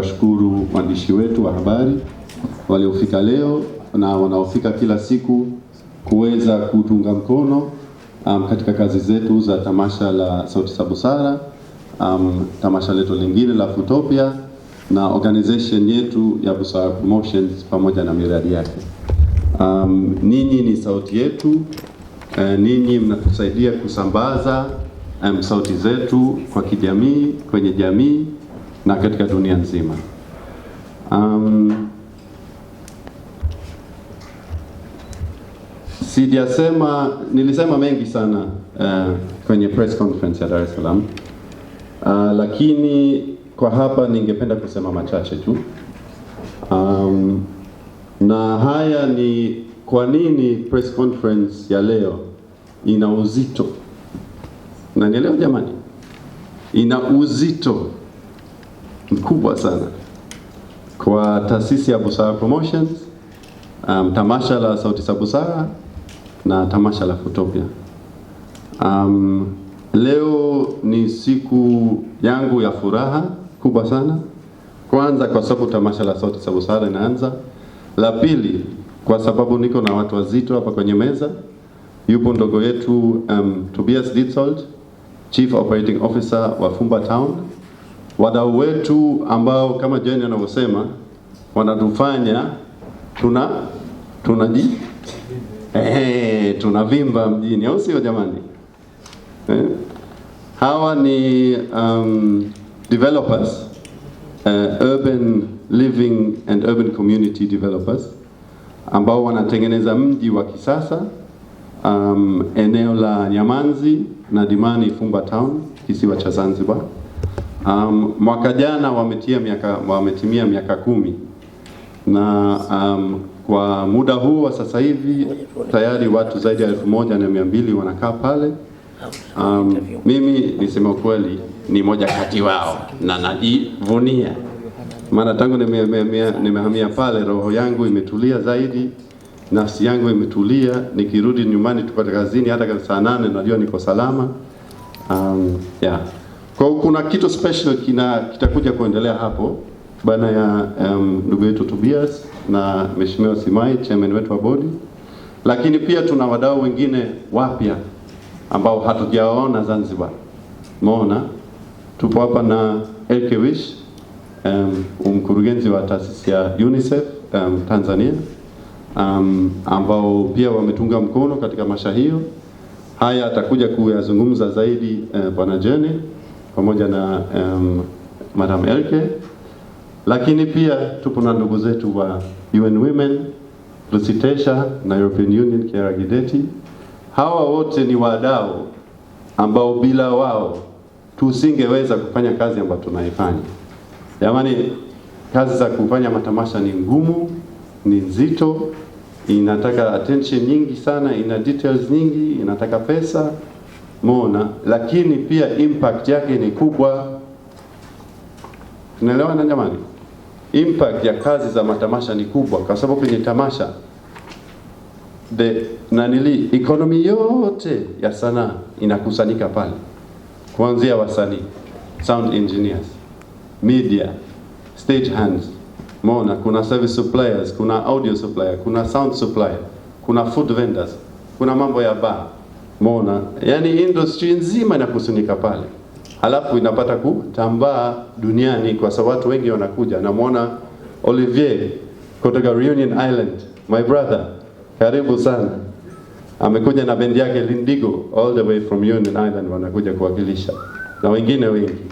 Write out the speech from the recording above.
kuwashukuru waandishi wetu wa habari waliofika leo na wanaofika kila siku kuweza kutunga mkono um, katika kazi zetu za tamasha la Sauti za Busara, um, tamasha letu lingine la Futopia na organization yetu ya Busara Promotions pamoja na miradi yake. Um, ninyi ni sauti yetu. Uh, ninyi mnatusaidia kusambaza um, sauti zetu kwa kijamii, kwenye jamii na katika dunia nzima. Um, sijasema, nilisema mengi sana uh, kwenye press conference ya Dar es Salaam uh, lakini kwa hapa ningependa kusema machache tu um, na haya ni kwa nini press conference ya leo ina uzito, nanielewa jamani, ina uzito mkubwa sana kwa taasisi ya Busara Promotions, um, tamasha la Sauti za Busara na tamasha la Futopia. Um, leo ni siku yangu ya furaha kubwa sana. Kwanza kwa sababu tamasha la Sauti za Busara inaanza. La pili kwa sababu niko na watu wazito hapa kwenye meza. Yupo ndogo yetu um, Tobias Ditsold, Chief Operating Officer wa Fumba Town wadau wetu ambao kama Jane anavyosema wanatufanya tuna tunaji eh, tunavimba mjini, au sio jamani? Eh, hawa ni um, developers uh, urban living and urban community developers ambao wanatengeneza mji wa kisasa um, eneo la Nyamanzi na Dimani Fumba Town, kisiwa cha Zanzibar. Um, mwaka jana wametia miaka, wametimia miaka kumi na um, kwa muda huu wa sasa hivi tayari watu zaidi ya elfu moja na mia mbili wanakaa pale. Um, mimi niseme ukweli ni moja kati wao na najivunia, maana tangu nimehamia pale roho yangu imetulia zaidi, nafsi yangu imetulia. Nikirudi nyumbani tupate kazini, hata saa nane najua niko salama. Um, yeah. Kwa hiyo kuna kitu special kina kitakuja kuendelea hapo bana ya ndugu um, yetu Tobias na Mheshimiwa Simai chairman wetu wa bodi, lakini pia tuna wadau wengine wapya ambao hatujawaona Zanzibar. Umeona, tupo hapa na Elke Wish um, mkurugenzi wa taasisi ya UNICEF um, Tanzania um, ambao pia wametunga mkono katika masha hiyo. Haya atakuja kuyazungumza zaidi uh, bwana pamoja na um, Madam Elke, lakini pia tupo na ndugu zetu wa UN Women, Lusitesha na European Union Kiara Gideti. Hawa wote ni wadau ambao bila wao tusingeweza kufanya kazi ambayo tunaifanya. Jamani, kazi za kufanya matamasha ni ngumu, ni nzito, inataka attention nyingi sana, ina details nyingi, inataka pesa mona, lakini pia impact yake ni kubwa. Tunaelewana jamani? Impact ya kazi za matamasha ni kubwa, kwa sababu kwenye tamasha the nanili economy yote ya sanaa inakusanyika pale, kuanzia wasanii, sound engineers, media, stage hands, mona, kuna service suppliers, kuna audio supplier, kuna sound supplier, kuna food vendors, kuna mambo ya bar Mona, yani industry nzima inakusunika pale, halafu inapata kutambaa duniani kwa sababu watu wengi wanakuja. Namwona Olivier kutoka Reunion Island, my brother, karibu sana. Amekuja na bendi yake Lindigo all the way from Reunion Island, wanakuja kuwakilisha na wengine wengi.